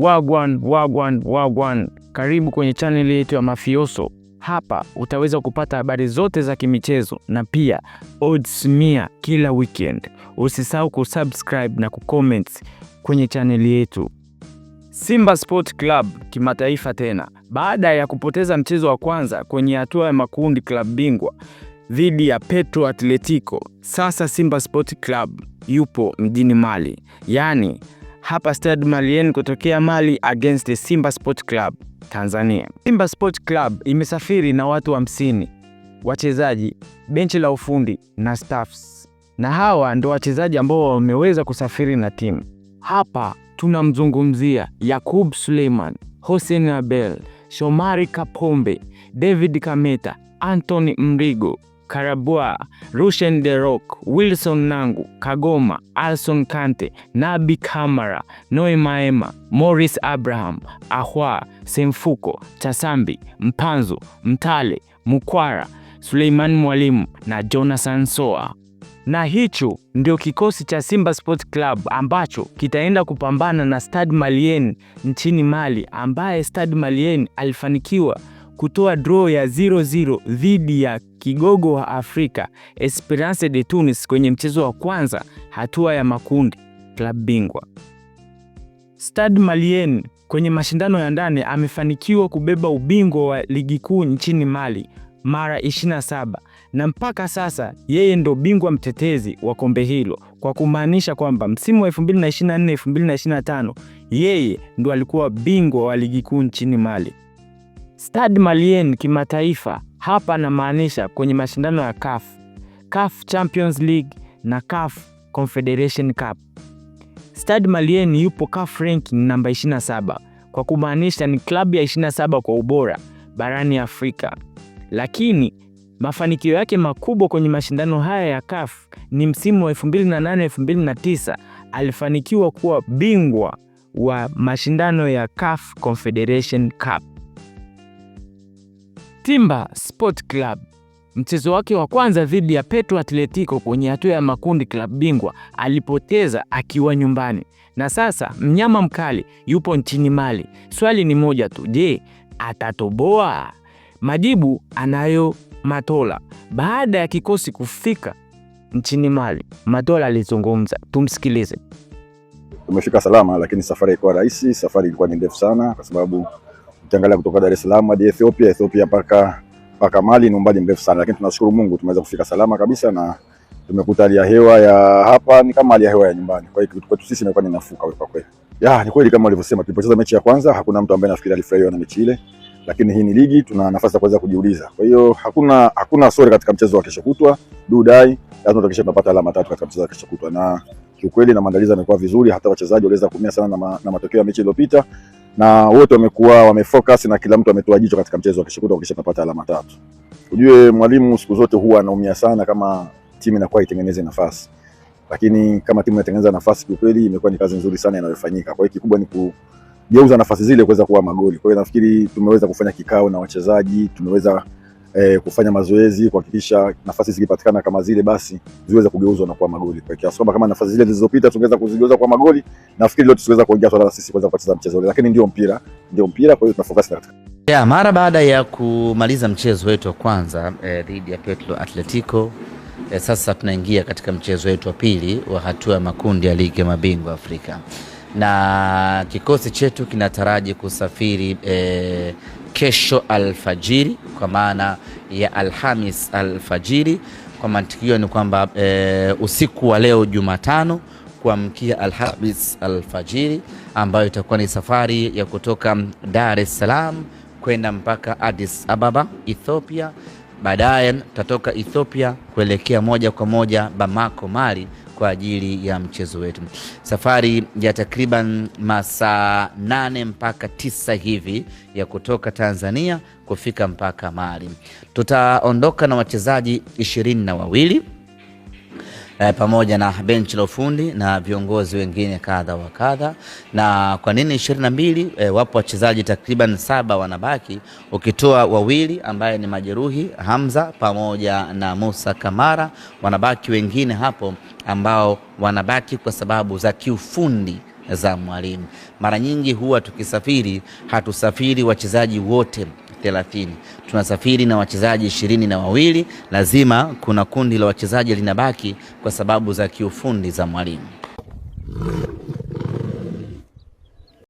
Wagwan, wagwan, wagwan. Karibu kwenye chaneli yetu ya Mafioso. Hapa utaweza kupata habari zote za kimichezo na pia odds mia kila weekend. Usisahau kusubscribe na kucomment kwenye chaneli yetu. Simba Sport Club kimataifa tena. Baada ya kupoteza mchezo wa kwanza kwenye hatua ya makundi club bingwa dhidi ya Petro Atletico, sasa Simba Sport Club yupo mjini Mali, yaani hapa Stade Malien kutokea Mali against the Simba Sport Club Tanzania. Simba Sport Club imesafiri na watu 50 wa wachezaji, benchi la ufundi na staffs, na hawa ndo wachezaji ambao wameweza kusafiri na timu. Hapa tunamzungumzia Yakub Suleiman, Hossein Abel, Shomari Kapombe, David Kameta, Anthony Mrigo, Karabua, Rushen de Rock, Wilson Nangu, Kagoma, Alson Kante, Nabi Kamara, Noe Maema, Morris Abraham, Ahwa, Semfuko, Chasambi, Mpanzu, Mtale, Mukwara, Suleiman Mwalimu na Jonathan Soa. Na hicho ndio kikosi cha Simba Sports Club ambacho kitaenda kupambana na Stade Malien nchini Mali ambaye Stade Malien alifanikiwa kutoa draw ya 0-0 dhidi ya kigogo wa Afrika Esperance de Tunis kwenye mchezo wa kwanza hatua ya makundi klabu bingwa. Stade Malien kwenye mashindano ya ndani amefanikiwa kubeba ubingwa wa ligi kuu nchini Mali mara 27 na mpaka sasa yeye ndo bingwa mtetezi wa kombe hilo, kwa kumaanisha kwamba msimu wa 2024 2025 yeye ndo alikuwa bingwa wa ligi kuu nchini Mali. Stade Malien kimataifa, hapa namaanisha kwenye mashindano ya CAF, CAF Champions League na CAF Confederation Cup. Stade Malien yupo CAF ranking namba 27 kwa kumaanisha ni klabu ya 27 kwa ubora barani Afrika, lakini mafanikio yake makubwa kwenye mashindano haya ya CAF ni msimu wa 2008 2009 alifanikiwa kuwa bingwa wa mashindano ya CAF Confederation Cup timba Sport Club mchezo wake wa kwanza dhidi ya Petro Atletico kwenye hatua ya makundi klabu bingwa alipoteza akiwa nyumbani, na sasa mnyama mkali yupo nchini Mali. Swali ni moja tu, je, atatoboa? Majibu anayo Matola. Baada ya kikosi kufika nchini Mali, Matola alizungumza, tumsikilize. Tumefika salama, lakini safari haikuwa rahisi. Safari ilikuwa ni ndefu sana kwa sababu Ukiangalia kutoka Dar es Salaam hadi Ethiopia, Ethiopia paka paka Mali ni umbali mrefu sana, lakini tunashukuru Mungu tumeweza kufika salama kabisa na tumekuta hali ya hewa ya hapa ni kama hali ya hewa ya nyumbani. Kwa hiyo kwetu sisi imekuwa ni nafuka kwa kweli. Ya, ni kweli kama walivyosema, tulipocheza mechi ya kwanza hakuna mtu ambaye nafikiri alifurahia na mechi ile, lakini hii ni ligi, tuna nafasi ya kuweza kujiuliza. Kwa hiyo hakuna hakuna sore katika mchezo wa kesho kutwa. Dudai lazima tuhakikishe tunapata alama tatu katika mchezo wa kesho kutwa, na kiukweli na maandalizi yamekuwa vizuri, hata wachezaji waliweza kuumia sana na, ma, na matokeo ya mechi iliyopita, na wote wamekuwa wamefocus na kila mtu ametoa jicho katika mchezo, akishakuta kisha napata alama tatu. Ujue mwalimu siku zote huwa anaumia sana kama timu inakuwa itengeneze nafasi, lakini kama timu inatengeneza nafasi, kwa kweli imekuwa ni kazi nzuri sana inayofanyika. Kwa hiyo kikubwa ni kugeuza nafasi zile kuweza kuwa magoli. Kwa hiyo nafikiri tumeweza kufanya kikao na wachezaji, tumeweza eh, kufanya mazoezi kuhakikisha nafasi zikipatikana kama zile basi ziweze kugeuzwa na kuwa magoli kwa kiasi kwamba kama nafasi zile zilizopita tungeweza kuzigeuza kwa magoli, nafikiri leo tusiweza kuongea swala la sisi kuweza kupoteza mchezo ule, lakini ndio mpira, ndio mpira. Kwa hiyo tunafocus katika yeah, mara baada ya kumaliza mchezo wetu wa kwanza eh, dhidi eh, ya Petro Atletico eh, sasa tunaingia katika mchezo wetu wa pili wa hatua ya makundi ya ligi ya mabingwa Afrika na kikosi chetu kinataraji kusafiri eh, kesho alfajiri, kwa maana ya Alhamis alfajiri. Kwa mantikio ni kwamba e, usiku wa leo Jumatano kuamkia Alhamis alfajiri, ambayo itakuwa ni safari ya kutoka Dar es Salaam kwenda mpaka Addis Ababa Ethiopia. Baadaye tatoka Ethiopia kuelekea moja kwa moja Bamako Mali kwa ajili ya mchezo wetu. Safari ya takriban masaa nane mpaka tisa hivi ya kutoka Tanzania kufika mpaka Mali. Tutaondoka na wachezaji ishirini na wawili eh, pamoja na benchi la ufundi na viongozi wengine kadha wa kadha. Na kwa nini ishirini na mbili? Eh, wapo wachezaji takriban saba wanabaki, ukitoa wawili ambaye ni majeruhi Hamza pamoja na Musa Kamara, wanabaki wengine hapo ambao wanabaki kwa sababu za kiufundi za mwalimu. Mara nyingi huwa tukisafiri hatusafiri wachezaji wote 30. Tunasafiri na wachezaji ishirini na wawili, lazima kuna kundi la wachezaji linabaki kwa sababu za kiufundi za mwalimu.